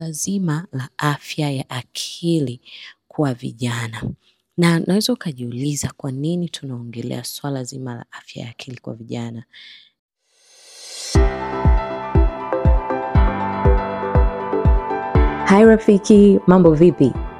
zima la afya ya akili kwa vijana. Na unaweza ukajiuliza kwa nini tunaongelea swala zima la afya ya akili kwa vijana? Hai rafiki, mambo vipi?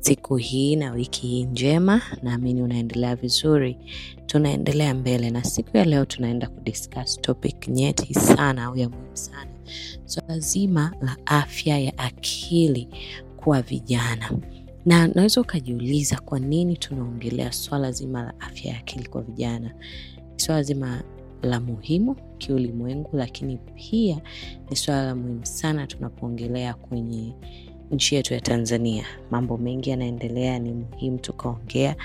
siku hii na wiki hii njema. Naamini unaendelea vizuri, tunaendelea mbele, na siku ya leo tunaenda kudiscuss topic nyeti sana au ya muhimu sana, swala so, zima la afya ya akili kwa vijana na unaweza ukajiuliza kwa nini tunaongelea swala zima la afya ya akili kwa vijana. Swala zima la muhimu kiulimwengu, lakini pia ni swala la muhimu sana tunapoongelea kwenye nchi yetu ya Tanzania. Mambo mengi yanaendelea, ni muhimu tukaongea,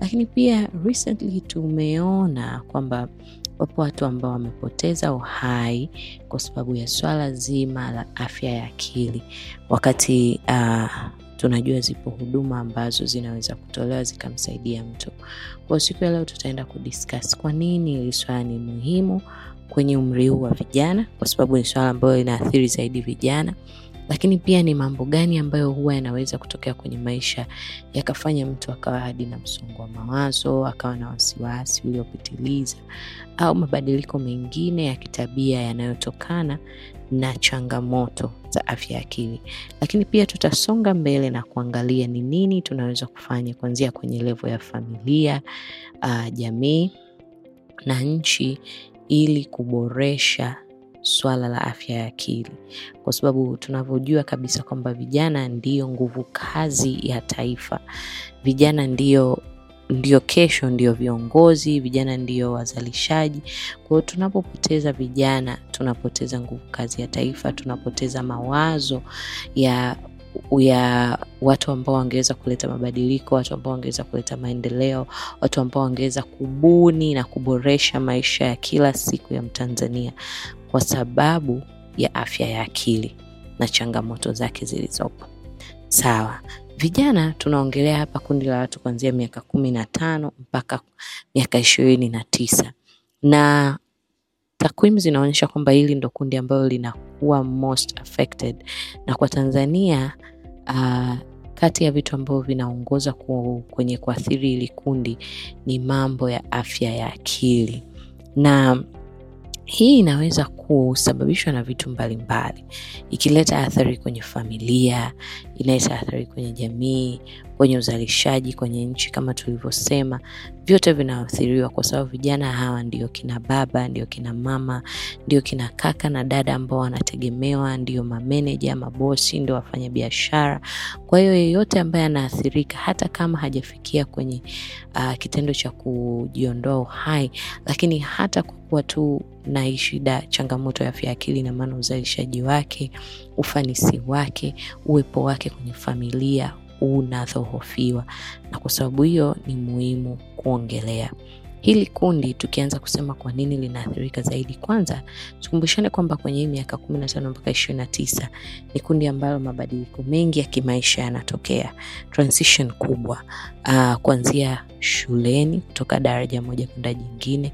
lakini pia recently tumeona kwamba wapo watu ambao wamepoteza uhai kwa sababu ya swala zima la afya ya akili, wakati uh, tunajua zipo huduma ambazo zinaweza kutolewa zikamsaidia mtu. Kwa siku ya leo tutaenda kudiscuss kwa nini hili swala ni muhimu kwenye umri huu wa vijana, kwa sababu ni swala ambayo linaathiri zaidi vijana lakini pia ni mambo gani ambayo huwa yanaweza kutokea kwenye maisha yakafanya mtu akawa hadi na msongo wa mawazo, akawa na wasiwasi uliopitiliza, au mabadiliko mengine ya kitabia yanayotokana na changamoto za afya ya akili. Lakini pia tutasonga mbele na kuangalia ni nini tunaweza kufanya kuanzia kwenye levo ya familia, uh, jamii na nchi ili kuboresha swala la afya ya akili, kwa sababu tunavyojua kabisa kwamba vijana ndiyo nguvu kazi ya taifa. Vijana ndiyo ndio kesho, ndio viongozi, vijana ndio wazalishaji. kwahio tunapopoteza vijana, tunapoteza nguvu kazi ya taifa, tunapoteza mawazo ya ya watu ambao wangeweza kuleta mabadiliko, watu ambao wangeweza kuleta maendeleo, watu ambao wangeweza kubuni na kuboresha maisha ya kila siku ya Mtanzania kwa sababu ya afya ya akili na changamoto zake zilizopo. Sawa, vijana tunaongelea hapa kundi la watu kuanzia miaka kumi na tano mpaka miaka ishirini na tisa na takwimu zinaonyesha kwamba hili ndo kundi ambalo linakuwa most affected, na kwa Tanzania uh, kati ya vitu ambavyo vinaongoza kwenye kuathiri hili kundi ni mambo ya afya ya akili na hii inaweza kusababishwa na vitu mbalimbali mbali, ikileta athari kwenye familia, inaleta athari kwenye jamii, kwenye uzalishaji kwenye nchi kama tulivyosema, vyote vinaathiriwa, kwa sababu vijana hawa ndio kina baba, ndio kina mama, ndio kina kaka na dada ambao wanategemewa, ndio mameneja, mabosi, ndio wafanya biashara. Kwa hiyo yeyote ambaye anaathirika, hata kama hajafikia kwenye uh, kitendo cha kujiondoa uhai, lakini hata kwa kuwa tu na hii shida, changamoto ya afya akili, na maana uzalishaji wake, ufanisi wake, uwepo wake kwenye familia unadhohofiwa, na kwa sababu hiyo ni muhimu kuongelea hili kundi. Tukianza kusema kwa nini linaathirika zaidi, kwanza tukumbushane kwamba kwenye hii miaka kumi na tano mpaka ishirini na tisa ni kundi ambalo mabadiliko mengi ya kimaisha yanatokea, transition kubwa, uh, kuanzia shuleni kutoka daraja moja kwenda jingine.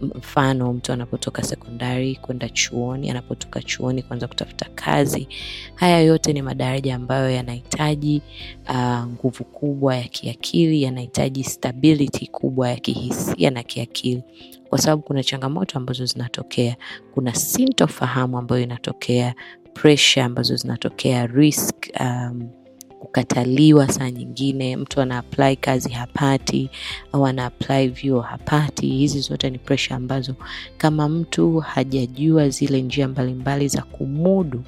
Mfano, mtu anapotoka sekondari kwenda chuoni, anapotoka chuoni kuanza kutafuta kazi. Haya yote ni madaraja ambayo yanahitaji uh, nguvu kubwa ya kiakili, yanahitaji stability kubwa ya kihisia na kiakili kwa sababu kuna changamoto ambazo zinatokea, kuna sintofahamu ambayo inatokea, pressure ambazo zinatokea, risk um, kukataliwa saa nyingine mtu ana apply kazi hapati au ana apply vyuo hapati hizi zote ni pressure ambazo kama mtu hajajua zile njia mbalimbali mbali za kumudu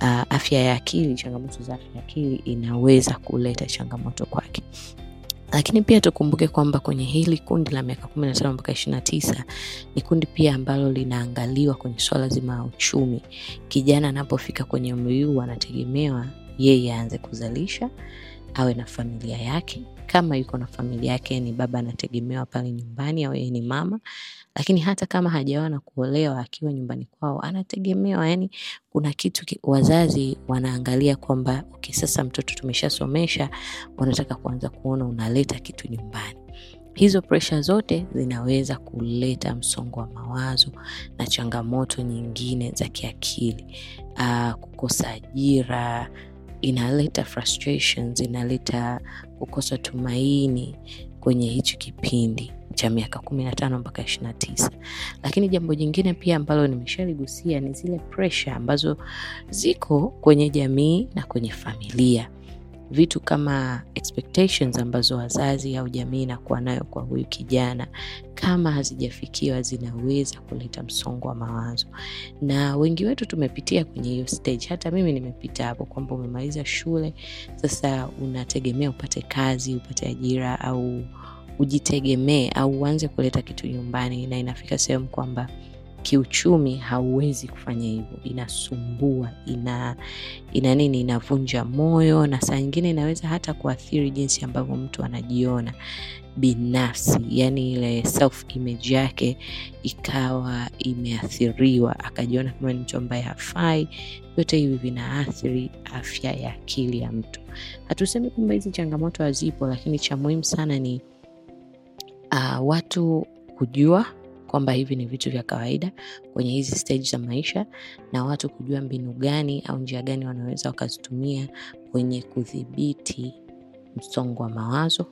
uh, afya ya akili changamoto za afya ya akili inaweza kuleta changamoto kwake lakini pia tukumbuke kwamba kwenye hili kundi la miaka 15 mpaka 29 ni kundi pia ambalo linaangaliwa kwenye swala zima la uchumi kijana anapofika kwenye umri huu anategemewa yeye aanze kuzalisha, awe na familia yake kama yuko na familia yake, ni baba anategemewa pale nyumbani au yeye ni mama. Lakini hata kama hajaoa na kuolewa, akiwa nyumbani kwao anategemewa. Yani kuna kitu ki, wazazi wanaangalia kwamba okay, sasa mtoto tumeshasomesha, wanataka kuanza kuona unaleta kitu nyumbani. Hizo presha zote zinaweza kuleta msongo wa mawazo na changamoto nyingine za kiakili, ah, kukosa ajira inaleta frustrations, inaleta kukosa tumaini kwenye hichi kipindi cha miaka kumi na tano mpaka ishiri na tisa. Lakini jambo jingine pia ambalo nimeshaligusia ni zile pressure ambazo ziko kwenye jamii na kwenye familia vitu kama expectations ambazo wazazi au jamii inakuwa nayo kwa huyu kijana, kama hazijafikiwa zinaweza kuleta msongo wa mawazo, na wengi wetu tumepitia kwenye hiyo stage. Hata mimi nimepita hapo, kwamba umemaliza shule, sasa unategemea upate kazi, upate ajira au ujitegemee au uanze kuleta kitu nyumbani, na inafika sehemu kwamba kiuchumi hauwezi kufanya hivyo, inasumbua, ina ina nini, inavunja moyo, na saa nyingine inaweza hata kuathiri jinsi ambavyo mtu anajiona binafsi, yani ile self image yake ikawa imeathiriwa, akajiona kama ni mtu ambaye hafai. Vyote hivi vinaathiri afya ya akili ya mtu. Hatusemi kwamba hizi changamoto hazipo, lakini cha muhimu sana ni uh, watu kujua kwamba hivi ni vitu vya kawaida kwenye hizi stage za maisha na watu kujua mbinu gani au njia gani wanaweza wakazitumia kwenye kudhibiti msongo wa mawazo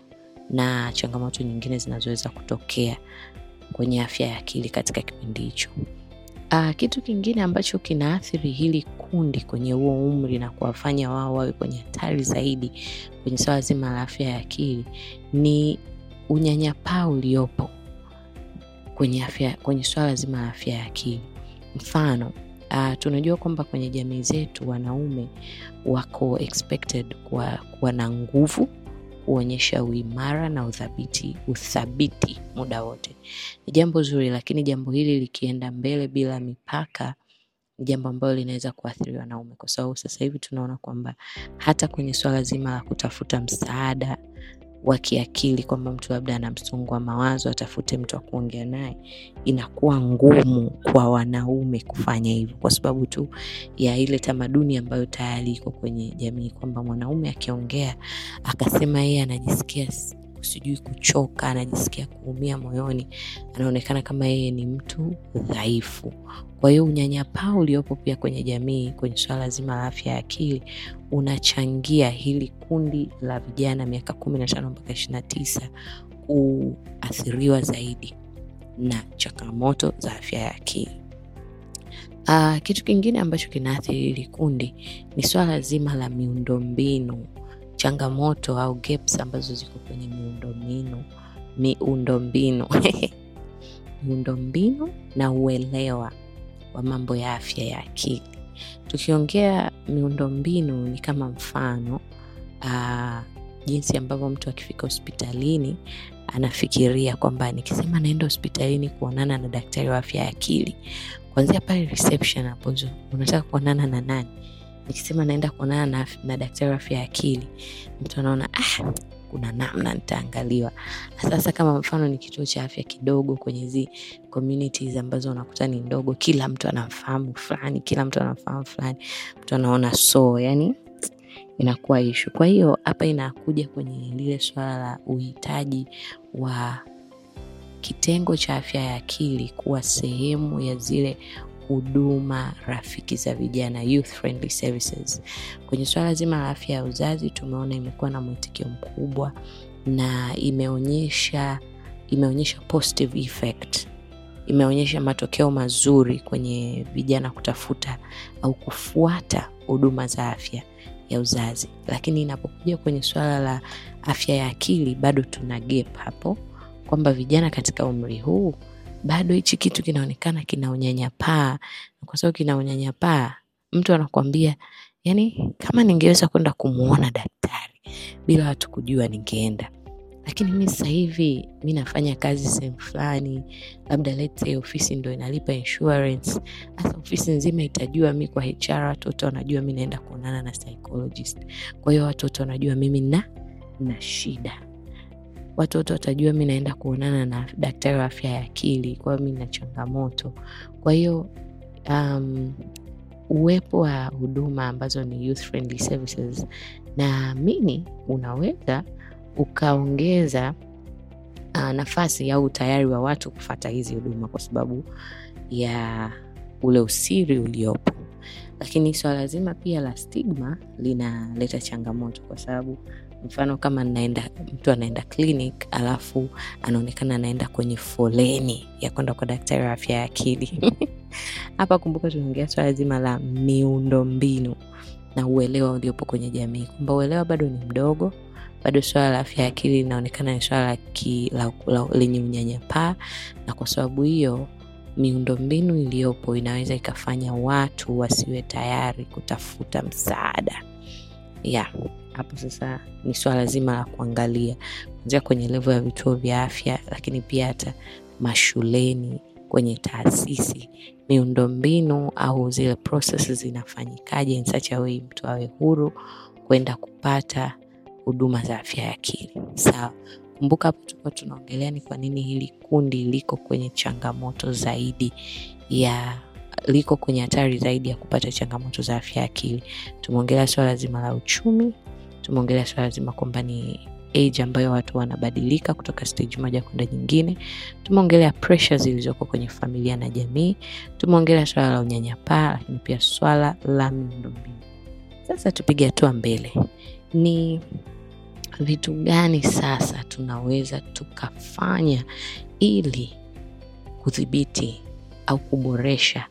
na changamoto nyingine zinazoweza kutokea kwenye afya ya akili katika kipindi hicho. Ah, kitu kingine ambacho kinaathiri hili kundi kwenye huo umri na kuwafanya wao wawe kwenye hatari zaidi kwenye swala zima la afya ya akili ni unyanyapaa uliopo kwenye, afya, kwenye swala zima la afya ya akili. Mfano uh, tunajua kwamba kwenye jamii zetu wanaume wako expected kuwa na nguvu huonyesha uimara na uthabiti, uthabiti muda wote. Ni jambo zuri, lakini jambo hili likienda mbele bila mipaka ni jambo ambalo linaweza kuathiri wanaume, kwa sababu sasa hivi tunaona kwamba hata kwenye swala zima la kutafuta msaada wa kiakili kwamba mtu labda ana msongo wa mawazo, atafute mtu wa kuongea naye, inakuwa ngumu kwa wanaume kufanya hivyo, kwa sababu tu ya ile tamaduni ambayo tayari iko kwenye jamii kwamba mwanaume akiongea akasema yeye anajisikia sijui kuchoka, anajisikia kuumia moyoni, anaonekana kama yeye ni mtu dhaifu. Kwa hiyo unyanyapaa uliopo pia kwenye jamii kwenye suala zima la afya ya akili unachangia hili kundi la vijana miaka kumi na tano mpaka ishiri na tisa kuathiriwa zaidi na changamoto za afya ya akili. Uh, kitu kingine ambacho kinaathiri hili kundi ni swala zima la miundombinu changamoto au gaps ambazo ziko kwenye miundombinu miundombinu miundombinu na uelewa wa mambo ya afya ya akili tukiongea miundombinu ni kama mfano uh, jinsi ambavyo mtu akifika hospitalini anafikiria kwamba nikisema naenda hospitalini kuonana na daktari wa afya ya akili kwanzia pale reception hapo unataka kuonana na nani nikisema naenda kuonana na, na daktari afya ya akili, mtu anaona ah, kuna namna nitaangaliwa. sasa kama mfano ni kituo cha afya kidogo kwenye hizi communities ambazo unakuta ni ndogo, kila mtu anamfahamu fulani, kila mtu anamfahamu fulani, mtu anaona so, yani inakuwa ishu. Kwa hiyo hapa inakuja kwenye lile swala la uhitaji wa kitengo cha afya ya akili kuwa sehemu ya zile huduma rafiki za vijana, youth friendly services. Kwenye swala zima la afya ya uzazi tumeona imekuwa na mwitikio mkubwa na imeonyesha imeonyesha positive effect, imeonyesha matokeo mazuri kwenye vijana kutafuta au kufuata huduma za afya ya uzazi, lakini inapokuja kwenye swala la afya ya akili bado tuna hapo, kwamba vijana katika umri huu bado hichi kitu kinaonekana kina unyanyapaa. Kwa sababu kina unyanyapaa, mtu anakuambia yani, kama ningeweza kwenda kumwona daktari bila watu kujua ningeenda, lakini mi sasa hivi mi nafanya kazi sehemu fulani, labda lete ofisi ndo inalipa insurance. hasa ofisi nzima itajua mi kwa HR, watu wanajua mi naenda kuonana na psychologist, kwa hiyo watu wote wanajua mimi na na shida watoto watajua mi naenda kuonana na daktari wa afya ya akili, kwa mi na changamoto. Kwa hiyo um, uwepo wa huduma ambazo ni youth friendly services, naamini unaweza ukaongeza uh, nafasi au utayari wa watu kufata hizi huduma kwa sababu ya ule usiri uliopo. Lakini swala zima pia la stigma linaleta changamoto kwa sababu Mfano kama naenda, mtu anaenda clinic alafu anaonekana anaenda kwenye foleni ya kwenda kwa daktari wa afya ya akili hapa kumbuka, tunaongea swala zima la miundombinu na uelewa uliopo kwenye jamii, kwamba uelewa bado ni mdogo, bado swala la afya ya akili linaonekana ni swala lenye unyanyapaa, na kwa sababu hiyo miundombinu iliyopo inaweza ikafanya watu wasiwe tayari kutafuta msaada yeah hapo sasa ni swala zima la kuangalia kuanzia kwenye levo ya vituo vya afya lakini pia hata mashuleni kwenye taasisi miundombinu au zile process zinafanyikaje in mtu awe huru kwenda kupata huduma za afya ya akili sawa kumbuka hapo tukuwa tunaongelea ni kwa nini hili kundi liko kwenye changamoto zaidi ya liko kwenye hatari zaidi ya kupata changamoto za afya ya akili tumeongelea swala zima la uchumi tumeongelea swala zima kwamba ni age ambayo watu wanabadilika kutoka stage moja kwenda nyingine. Tumeongelea pres zilizoko kwenye familia na jamii, tumeongelea swala la unyanyapaa, lakini pia swala la miundombinu. Sasa tupige hatua mbele, ni vitu gani sasa tunaweza tukafanya ili kudhibiti au kuboresha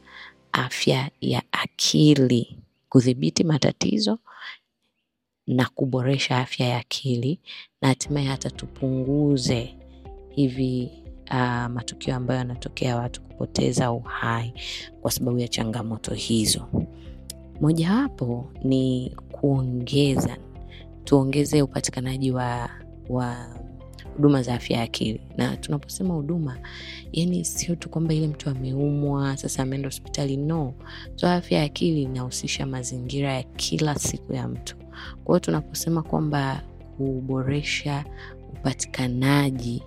afya ya akili, kudhibiti matatizo na kuboresha afya ya akili na hatimaye hata tupunguze hivi uh, matukio ambayo yanatokea watu kupoteza uhai kwa sababu ya changamoto hizo. Mojawapo ni kuongeza, tuongeze upatikanaji wa wa huduma za afya ya akili. Na tunaposema huduma, yani sio tu kwamba ile mtu ameumwa sasa ameenda hospitali, no. So afya ya akili inahusisha mazingira ya kila siku ya mtu kwa hiyo tunaposema kwamba kuboresha upatikanaji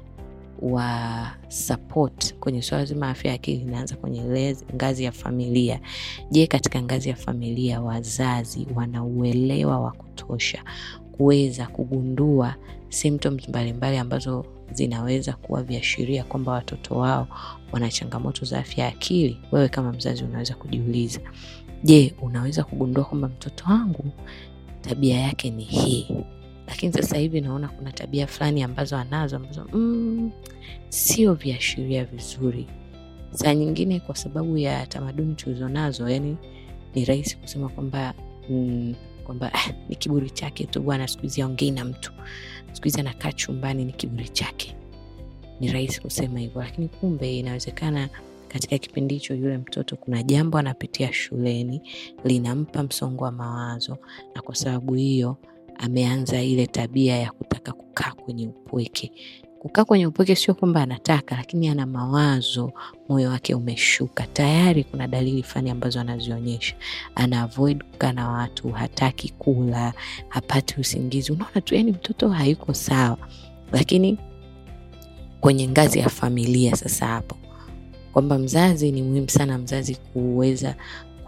wa spot kwenye suala zima afya ya akili inaanza kwenye ngazi ya familia. Je, katika ngazi ya familia wazazi wana uelewa wa kutosha kuweza kugundua symptoms mbalimbali ambazo zinaweza kuwa viashiria kwamba watoto wao wana changamoto za afya ya akili? Wewe kama mzazi unaweza kujiuliza, je, unaweza kugundua kwamba mtoto wangu tabia yake ni hii lakini sasa hivi naona kuna tabia fulani ambazo anazo ambazo mm, sio viashiria vizuri saa nyingine kwa sababu ya tamaduni tulizonazo yani ni rahisi kusema kwamba mm, kwamba ah, ni kiburi chake tu bwana siku hizi aongei na mtu siku hizi anakaa chumbani ni kiburi chake ni rahisi kusema hivyo lakini kumbe inawezekana katika kipindi hicho, yule mtoto kuna jambo anapitia shuleni linampa msongo wa mawazo, na kwa sababu hiyo ameanza ile tabia ya kutaka kukaa kwenye upweke. Kukaa kwenye upweke sio kwamba anataka, lakini ana mawazo, moyo wake umeshuka tayari. Kuna dalili fani ambazo anazionyesha, ana avoid kukaa na watu, hataki kula, hapati usingizi. Unaona tu, yani mtoto hayuko sawa. Lakini kwenye ngazi ya familia sasa hapo kwamba mzazi ni muhimu sana, mzazi kuweza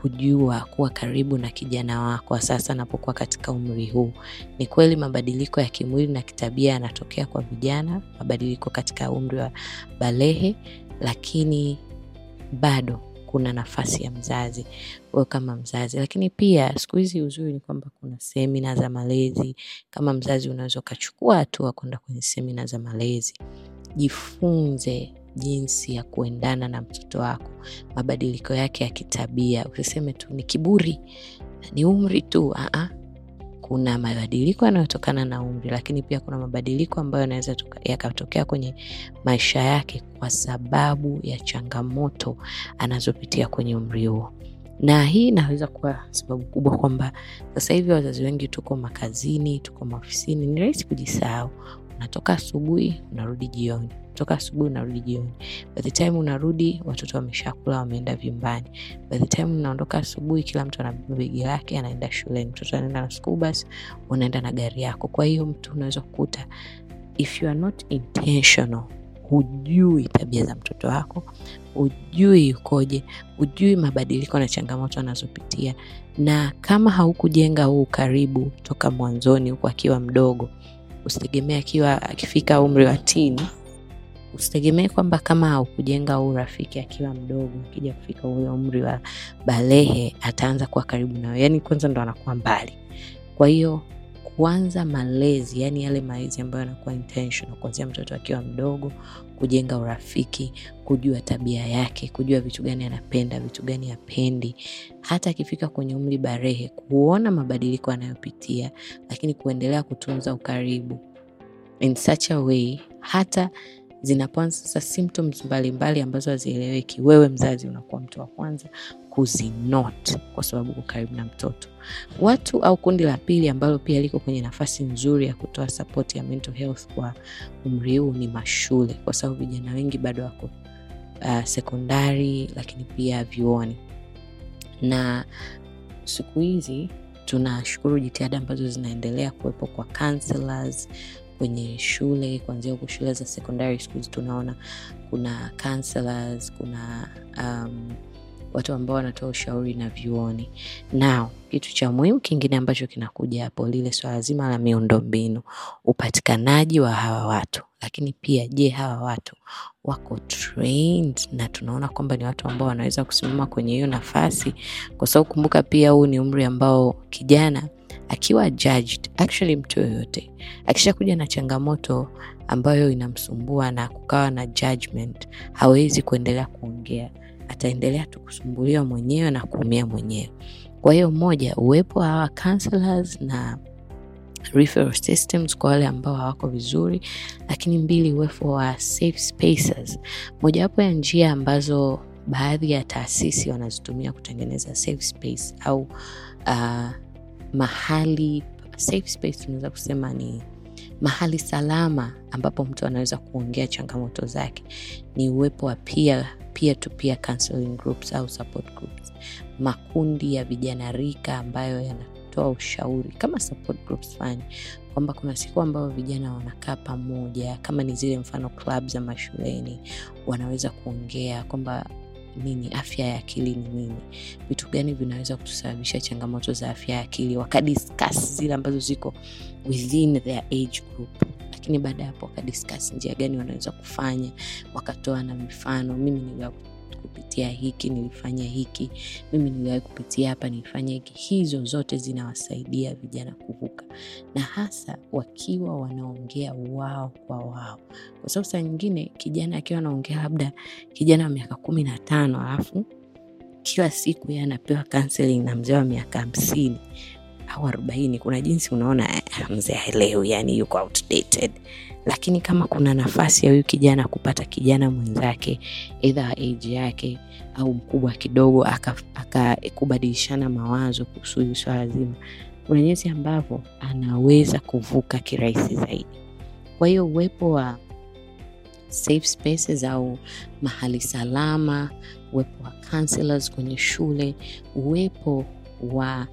kujua kuwa karibu na kijana wako sasa anapokuwa katika umri huu. Ni kweli mabadiliko ya kimwili na kitabia yanatokea kwa vijana, mabadiliko katika umri wa balehe, lakini bado kuna nafasi ya mzazi wewe kama mzazi. Lakini pia siku hizi uzuri ni kwamba kuna semina za malezi. Kama mzazi, unaweza ukachukua hatua kwenda kwenye semina za malezi, jifunze jinsi ya kuendana na mtoto wako, mabadiliko yake ya kitabia. Usiseme tu ni kiburi, ni umri tu. Aa, kuna mabadiliko yanayotokana na umri, lakini pia kuna mabadiliko ambayo yanaweza yakatokea kwenye maisha yake kwa sababu ya changamoto anazopitia kwenye umri huo na hii inaweza kuwa sababu kubwa kwamba sasa hivi wazazi wengi tuko makazini, tuko maofisini, ni rahisi kujisahau. Unatoka asubuhi, unarudi jioni toka asubuhi unarudi jioni. By the time unarudi watoto wameshakula, wameenda vyumbani. By the time unaondoka asubuhi, kila mtu anabeba begi lake anaenda shuleni, mtoto anaenda na school bus, unaenda na gari yako. Kwa hiyo mtu unaweza kukuta, if you are not intentional, hujui tabia za mtoto wako, hujui ukoje, hujui mabadiliko na changamoto anazopitia, na kama haukujenga huu karibu toka mwanzoni, huku akiwa mdogo, usitegemea akiwa akifika umri wa tini usitegemee kwamba kama aukujenga u rafiki akiwa mdogo, akija kufika huyo umri wa balehe ataanza kuwa karibu nayo, yani kwanza ndo anakuwa mbali. Kwa hiyo kuanza malezi, yani yale malezi ambayo yanakuwa intentional kuanzia mtoto akiwa mdogo, kujenga urafiki, kujua tabia yake, kujua vitu gani anapenda, vitu gani apendi hata akifika kwenye umri barehe, kuona mabadiliko anayopitia, lakini kuendelea kutunza ukaribu in such a way hata zinapoanza sasa symptoms mbalimbali ambazo hazieleweki, wewe mzazi unakuwa mtu wa kwanza kuzinot kwa sababu uko karibu na mtoto. Watu au kundi la pili ambalo pia liko kwenye nafasi nzuri ya kutoa sapoti ya mental health kwa umri huu ni mashule, kwa sababu vijana wengi bado wako uh, sekondari, lakini pia vyuoni na siku hizi tunashukuru jitihada ambazo zinaendelea kuwepo kwa counselors, kwenye shule kuanzia huku shule za secondary schools tunaona kuna counselors kuna um, watu ambao wanatoa ushauri na vyuoni nao kitu cha muhimu kingine ambacho kinakuja hapo lile swala zima la miundombinu upatikanaji wa hawa watu lakini pia je hawa watu wako trained na tunaona kwamba ni watu ambao wanaweza kusimama kwenye hiyo nafasi kwa sababu kumbuka pia huu ni umri ambao kijana akiwa judged, actually mtu yoyote akishakuja na changamoto ambayo inamsumbua na kukawa na judgment, hawezi kuendelea kuongea, ataendelea tu kusumbuliwa mwenyewe na kuumia mwenyewe. Kwa hiyo moja, uwepo wa hawa counselors na referral systems kwa wale ambao hawako vizuri, lakini mbili, uwepo wa safe spaces. Mojawapo ya njia ambazo baadhi ya taasisi wanazitumia kutengeneza safe space au uh, mahali safe space, kusema ni mahali salama ambapo mtu anaweza kuongea changamoto zake, ni uwepo wa pia pia to pia counseling groups au support groups, makundi ya vijana rika ambayo yanatoa ushauri kama support groups fani kwamba kuna siku ambayo vijana wanakaa pamoja, kama ni zile mfano club za mashuleni, wanaweza kuongea kwamba nini, afya ya akili ni nini, vitu gani vinaweza kutusababisha changamoto za afya ya akili, wakadiskas zile ambazo ziko within their age group lakini baada ya hapo wakadiskas njia gani wanaweza kufanya, wakatoa na mifano. Mimi ni kupitia hiki nilifanya hiki, mimi niliwahi kupitia hapa nilifanya hiki. Hizo zote zinawasaidia vijana kuvuka, na hasa wakiwa wanaongea wao kwa wao, kwa sababu saa nyingine kijana akiwa anaongea labda kijana wa miaka kumi na tano alafu kila siku yeye anapewa na mzee wa miaka hamsini au arobaini kuna jinsi unaona eh, Ah, mzee haelewi, yani yuko outdated. Lakini kama kuna nafasi ya huyu kijana kupata kijana mwenzake wa age yake au mkubwa kidogo, akakubadilishana aka, mawazo kuhusu hili swala zima, kuna jinsi ambavyo anaweza kuvuka kirahisi zaidi. Kwa hiyo uwepo wa safe spaces au mahali salama, uwepo wa counselors kwenye shule, uwepo wa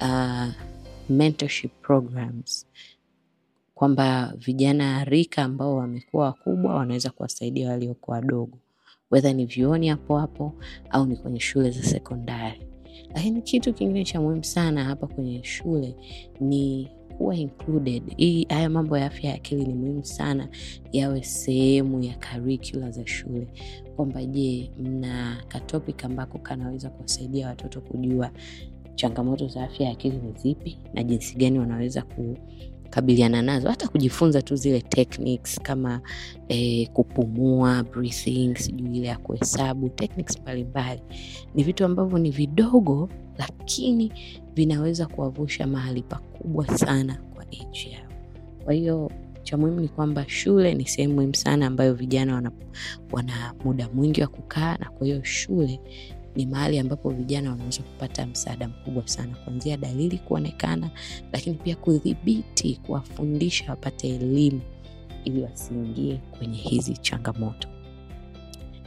uh, mentorship programs kwamba vijana rika ambao wamekuwa wakubwa wanaweza kuwasaidia waliokuwa wadogo, wedha ni vyoni hapo hapo au ni kwenye shule za sekondari. Lakini kitu kingine cha muhimu sana hapa kwenye shule ni kuwa included. Hii haya mambo ya afya ya akili ni muhimu sana yawe sehemu ya karikula za shule, kwamba je, mna katopik ambako kanaweza kuwasaidia watoto kujua changamoto za afya ya akili ni zipi na jinsi gani wanaweza kukabiliana nazo hata kujifunza tu zile techniques kama eh, kupumua sijui ile ya kuhesabu mbalimbali ni vitu ambavyo ni vidogo lakini vinaweza kuwavusha mahali pakubwa sana kwa nchi yao kwa hiyo cha muhimu ni kwamba shule ni sehemu muhimu sana ambayo vijana wana, wana muda mwingi wa kukaa na kwa hiyo shule ni mahali ambapo vijana wanaweza kupata msaada mkubwa sana, kuanzia dalili kuonekana, lakini pia kudhibiti, kuwafundisha wapate elimu ili wasiingie kwenye hizi changamoto.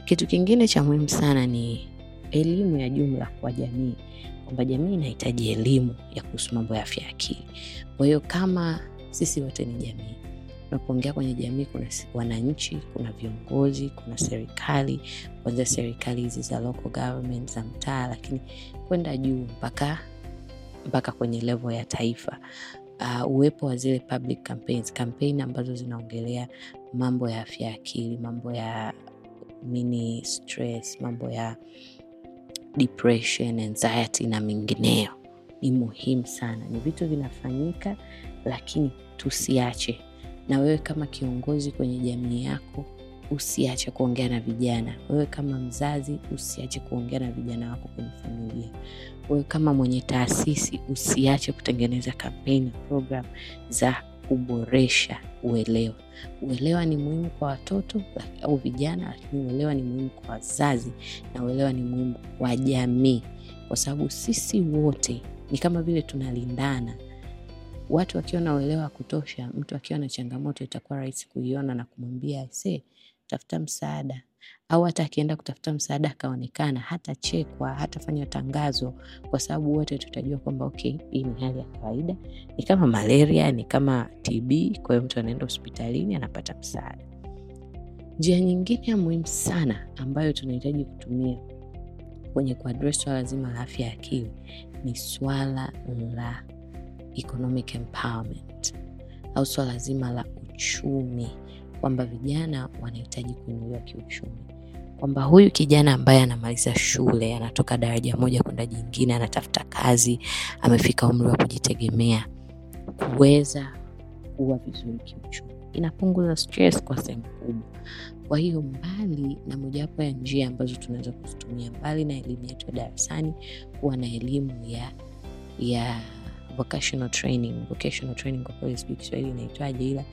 Kitu kingine cha muhimu sana ni elimu ya jumla kwa jamii, kwamba jamii inahitaji elimu ya kuhusu mambo ya afya ya akili. Kwa hiyo kama sisi wote ni jamii unapoongea kwenye jamii, kuna wananchi, kuna viongozi, kuna serikali, kuanzia serikali hizi za local government za mtaa, lakini kwenda juu mpaka mpaka kwenye levo ya taifa. Uh, uwepo wa zile public campaigns, ambazo zinaongelea mambo ya afya akili, mambo ya mini stress, mambo ya depression, anxiety na mingineyo ni muhimu sana, ni vitu vinafanyika, lakini tusiache na wewe kama kiongozi kwenye jamii yako usiache kuongea na vijana. Wewe kama mzazi usiache kuongea na vijana wako kwenye familia. Wewe kama mwenye taasisi usiache kutengeneza kampeni na za kuboresha uelewa. Uelewa ni muhimu kwa watoto au vijana, lakini uelewa ni muhimu kwa wazazi na uelewa ni muhimu kwa jamii, kwa sababu sisi wote ni kama vile tunalindana Watu wakiwa na uelewa wa kutosha, mtu akiwa na changamoto itakuwa rahisi kuiona na kumwambia se, tafuta msaada, au hata akienda kutafuta msaada akaonekana, hatachekwa, fanywa tangazo, kwa sababu wote tutajua kwamba okay, hii ni hali ya kawaida, ni kama malaria, ni kama TB. Kwa hiyo mtu anaenda hospitalini anapata msaada. Njia nyingine ya muhimu sana ambayo tunahitaji kutumia kwenye kuadres swala zima la afya ya akili ni swala la economic empowerment au swala zima la uchumi, kwamba vijana wanahitaji kuinuliwa kiuchumi, kwamba huyu kijana ambaye anamaliza shule, anatoka daraja moja kwenda jingine, anatafuta kazi, amefika umri wa kujitegemea, kuweza kuwa vizuri kiuchumi, inapunguza stress kwa sehemu kubwa. Kwa hiyo mbali na mojawapo ya njia ambazo tunaweza kuzitumia mbali na elimu yetu ya darasani, kuwa na elimu ya ya vocational training. Vocational training kwa kweli sijui Kiswahili inaitwaje, ila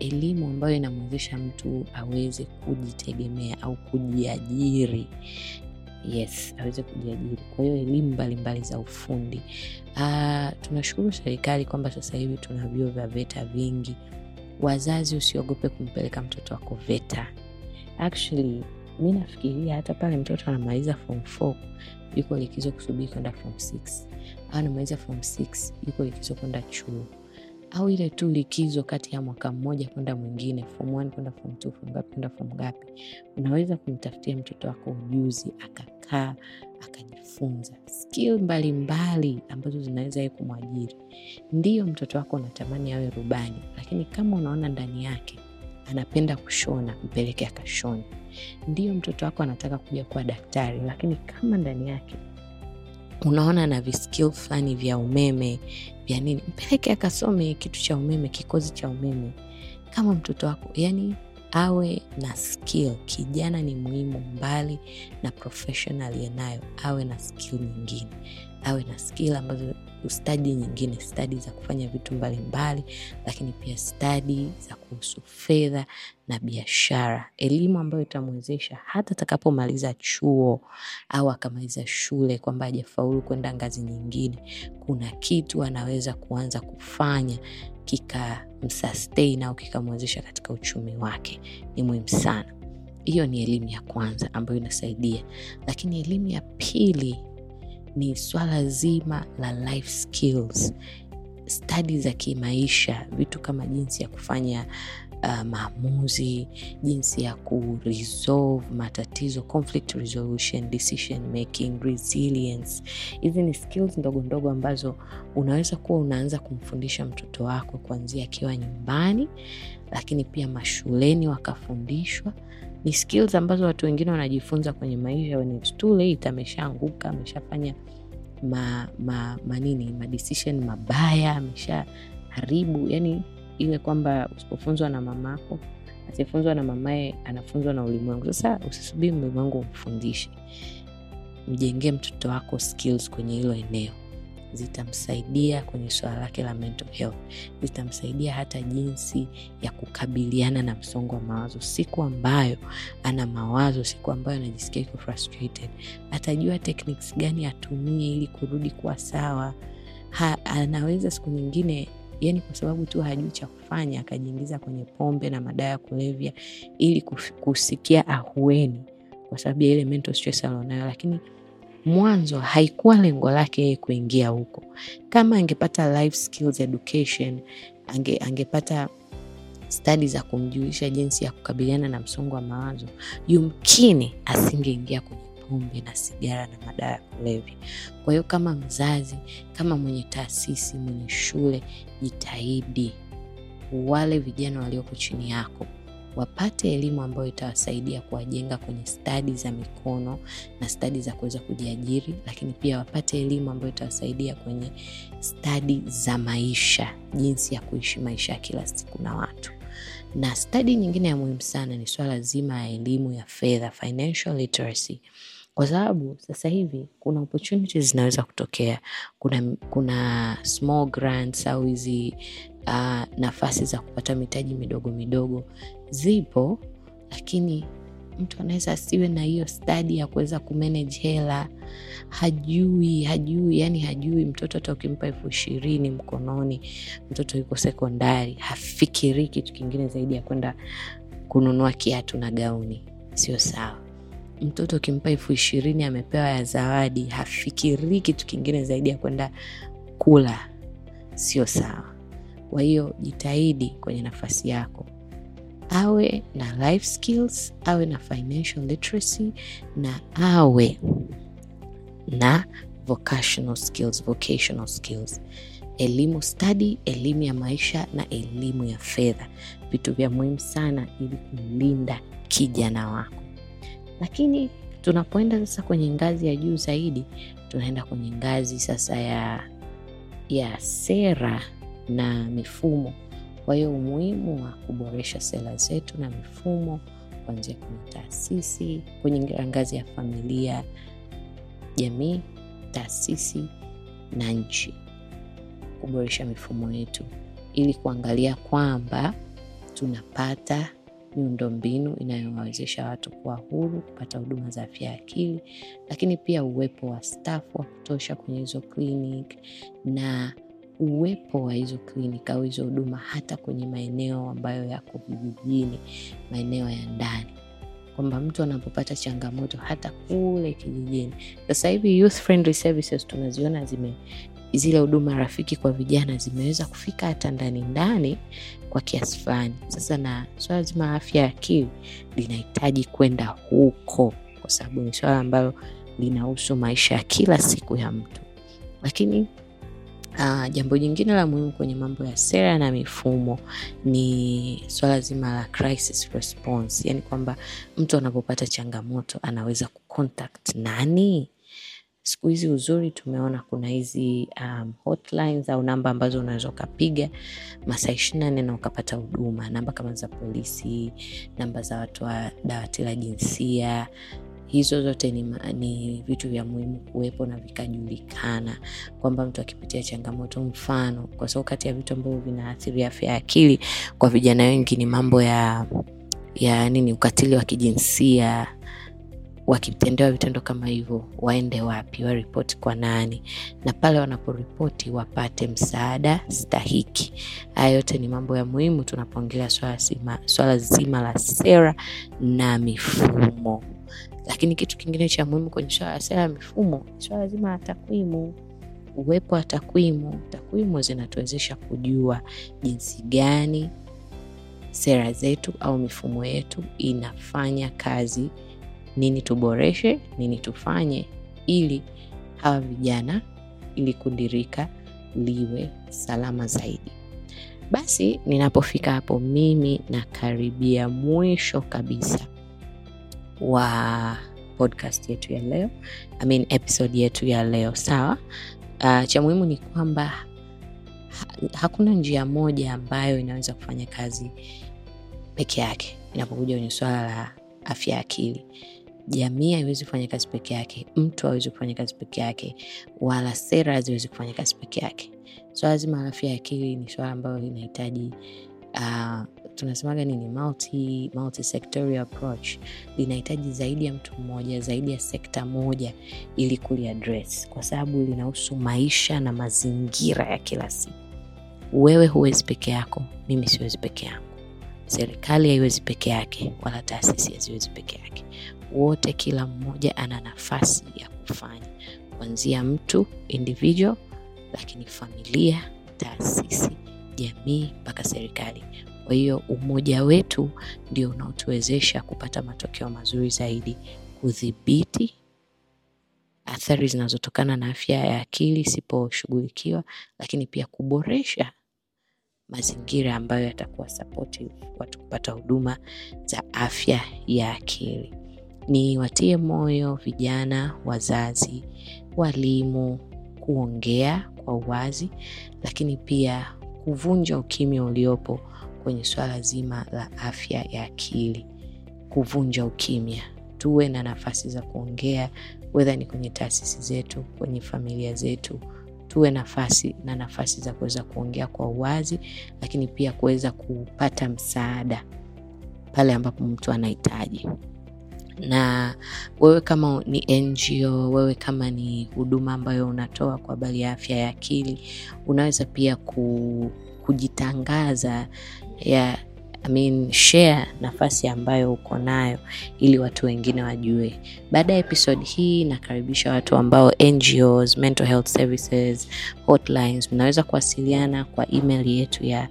elimu ambayo inamwezesha mtu aweze kujitegemea au kujiajiri. Yes, aweze kujiajiri. Kwa hiyo elimu mbalimbali za ufundi. uh, tunashukuru serikali kwamba sasa hivi tuna vyuo vya VETA vingi. Wazazi usiogope kumpeleka mtoto wako VETA. Actually, mi nafikiria hata pale mtoto anamaliza form 4 yuko likizo kusubiri kwenda form 6 anamaliza form 6 yuko likizo kwenda chuo, au ile tu likizo kati ya mwaka mmoja kwenda mwingine, form kwenda form 2, form ngapi kwenda form ngapi, unaweza kumtafutia mtoto wako ujuzi akakaa akajifunza skill mbalimbali ambazo zinaweza ye kumwajiri. Ndiyo, mtoto wako unatamani awe rubani, lakini kama unaona ndani yake anapenda kushona, mpeleke akashona. Ndiyo, mtoto wako anataka kuja kuwa daktari, lakini kama ndani yake unaona na viskill fulani vya umeme vya nini, mpeleke akasome kitu cha umeme, kikozi cha umeme kama mtoto wako, yani awe na skill. Kijana ni muhimu, mbali na professional yanayo, awe na skill nyingine, awe na skill ambazo stadi nyingine, stadi za kufanya vitu mbalimbali mbali, lakini pia stadi za kuhusu fedha na biashara, elimu ambayo itamwezesha hata atakapomaliza chuo au akamaliza shule, kwamba ajafaulu kwenda ngazi nyingine, kuna kitu anaweza kuanza kufanya kikamsustain au kikamwezesha katika uchumi wake. Ni muhimu sana. Hiyo ni elimu ya kwanza ambayo inasaidia, lakini elimu ya pili ni swala zima la life skills stadi za kimaisha vitu kama jinsi ya kufanya uh, maamuzi jinsi ya ku matatizo conflict resolution decision making resilience hizi ni skills ndogo ndogo ambazo unaweza kuwa unaanza kumfundisha mtoto wako kuanzia akiwa nyumbani lakini pia mashuleni wakafundishwa ni skills ambazo watu wengine wanajifunza kwenye maisha when it's too late, ameshaanguka, ameshafanya ma, ma, manini ma mabaya amesha haribu yani ile kwamba usipofunzwa na ako asiyefunzwa na mamaye anafunzwa na ulimwengu. Sasa usisubiri mlimwengu umfundishe, mjengee mtoto wako skills kwenye hilo eneo zitamsaidia kwenye suala lake la mental health, zitamsaidia hata jinsi ya kukabiliana na msongo wa mawazo. Siku ambayo ana mawazo, siku ambayo anajisikia iko frustrated, atajua techniques gani atumie ili kurudi kuwa sawa. Ha, anaweza siku nyingine yani kwa sababu tu hajui cha kufanya akajiingiza kwenye pombe na madawa ya kulevya ili kusikia ahueni, kwa sababu ya ile mental stress alionayo, lakini mwanzo haikuwa lengo lake yeye kuingia huko. Kama angepata life skills education, ange, angepata stadi za kumjuisha jinsi ya kukabiliana na msongo wa mawazo, yumkini asingeingia kwenye pombe na sigara na madawa ya kulevya. Kwa hiyo kama mzazi, kama mwenye taasisi, mwenye shule, jitahidi wale vijana walioko chini yako wapate elimu ambayo itawasaidia kuwajenga kwenye stadi za mikono na stadi za kuweza kujiajiri, lakini pia wapate elimu ambayo itawasaidia kwenye stadi za maisha, jinsi ya kuishi maisha ya kila siku na watu na stadi nyingine ya muhimu sana ni swala zima ya elimu ya fedha, financial literacy kwa sababu sasa hivi kuna opportunities zinaweza kutokea kuna, kuna small grants au hizi uh, nafasi za kupata mitaji midogo midogo zipo lakini mtu anaweza asiwe na hiyo stadi ya kuweza kumanage hela hajui hajui yani hajui mtoto hata ukimpa elfu ishirini mkononi mtoto yuko sekondari hafikirii kitu kingine zaidi ya kwenda kununua kiatu na gauni sio sawa mtoto ukimpa elfu ishirini amepewa ya zawadi, hafikirii kitu kingine zaidi ya kwenda kula, sio sawa. Kwa hiyo jitahidi kwenye nafasi yako, awe na life skills, awe na financial literacy na awe na vocational skills, vocational skills, elimu stadi, elimu ya maisha na elimu ya fedha, vitu vya muhimu sana ili kumlinda kijana wako. Lakini tunapoenda sasa kwenye ngazi ya juu zaidi, tunaenda kwenye ngazi sasa ya, ya sera na mifumo. Kwa hiyo umuhimu wa kuboresha sera zetu na mifumo kuanzia kwenye taasisi, kwenye ngazi ya familia, jamii, taasisi na nchi, kuboresha mifumo yetu ili kuangalia kwamba tunapata miundombinu inayowawezesha watu kuwa huru kupata huduma za afya ya akili, lakini pia uwepo wa staf wa kutosha kwenye hizo clinic na uwepo wa hizo kliniki au hizo huduma hata kwenye maeneo ambayo yako vijijini, maeneo ya ndani, kwamba mtu anapopata changamoto hata kule kijijini. Sasa hivi youth friendly services tunaziona zime, zile huduma rafiki kwa vijana zimeweza kufika hata ndani ndani kwa kiasi fulani. Sasa na swala zima afya ya akili linahitaji kwenda huko, kwa sababu ni swala ambalo linahusu maisha ya kila siku ya mtu. Lakini uh, jambo jingine la muhimu kwenye mambo ya sera na mifumo ni swala zima la crisis response, yani kwamba mtu anapopata changamoto anaweza ku nani Siku hizi uzuri tumeona kuna hizi um, hotlines au namba ambazo unaweza ukapiga masaa ishirini na nne na ukapata huduma, namba kama za polisi, namba za watu wa dawati la jinsia hizo zote ni, ni vitu vya muhimu kuwepo na vikajulikana kwamba mtu akipitia changamoto mfano kwa sababu kati ya vitu ambavyo vinaathiri afya ya akili kwa vijana wengi ni mambo ya ya nini ukatili wa kijinsia wakitendewa vitendo kama hivyo waende wapi, waripoti kwa nani, na pale wanaporipoti wapate msaada stahiki. Haya yote ni mambo ya muhimu tunapoongelea swala zima, la sera na mifumo. Lakini kitu kingine cha muhimu kwenye swala la sera ya mifumo, swala zima la takwimu uwepo wa takwimu. Takwimu zinatuwezesha kujua jinsi gani sera zetu au mifumo yetu inafanya kazi nini tuboreshe, nini tufanye ili hawa vijana ili kundirika liwe salama zaidi. Basi ninapofika hapo, mimi nakaribia mwisho kabisa wa podcast yetu ya leo, I mean episode yetu ya leo sawa. Uh, cha muhimu ni kwamba ha, hakuna njia moja ambayo inaweza kufanya kazi peke yake inapokuja kwenye swala la afya ya akili. Jamii haiwezi kufanya kazi peke yake, mtu awezi kufanya kazi peke yake, wala sera haziwezi kufanya kazi peke yake. Swala so, zima afya ya akili ni swala ambayo linahitaji uh, tunasemaga nini, multi, multi approach. Linahitaji zaidi ya mtu mmoja, zaidi ya sekta moja, ili kuliadress, kwa sababu linahusu maisha na mazingira ya kila siku. Wewe huwezi peke yako, mimi siwezi peke yako Serikali haiwezi peke yake, wala taasisi haziwezi peke yake. Wote, kila mmoja ana nafasi ya kufanya, kuanzia mtu individual, lakini familia, taasisi, jamii, mpaka serikali. Kwa hiyo umoja wetu ndio unaotuwezesha kupata matokeo mazuri zaidi, kudhibiti athari zinazotokana na afya ya akili isiposhughulikiwa, lakini pia kuboresha mazingira ambayo yatakuwa supportive watu kupata huduma za afya ya akili. Ni watie moyo vijana, wazazi, walimu kuongea kwa uwazi, lakini pia kuvunja ukimya uliopo kwenye swala zima la afya ya akili. Kuvunja ukimya, tuwe na nafasi za kuongea, wedha ni kwenye taasisi zetu, kwenye familia zetu tuwe nafasi na nafasi za kuweza kuongea kwa uwazi, lakini pia kuweza kupata msaada pale ambapo mtu anahitaji. Na wewe kama ni NGO, wewe kama ni huduma ambayo unatoa kwa bali ya afya ya akili, unaweza pia ku, kujitangaza ya I mean, share nafasi ambayo uko nayo ili watu wengine wajue. Baada ya episode hii, nakaribisha watu ambao NGOs, mental health services, hotlines, mnaweza kuwasiliana kwa email yetu ya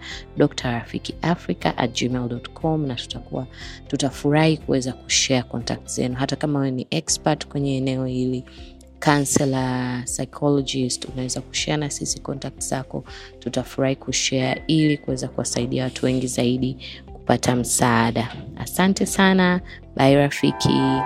gmailcom na tutakuwa tutafurahi kuweza kushare contact zenu, hata kama wewe ni expert kwenye eneo hili counselor, psychologist, unaweza kushare na sisi contact zako, tutafurahi kushare ili kuweza kuwasaidia watu wengi zaidi kupata msaada. Asante sana, bye rafiki.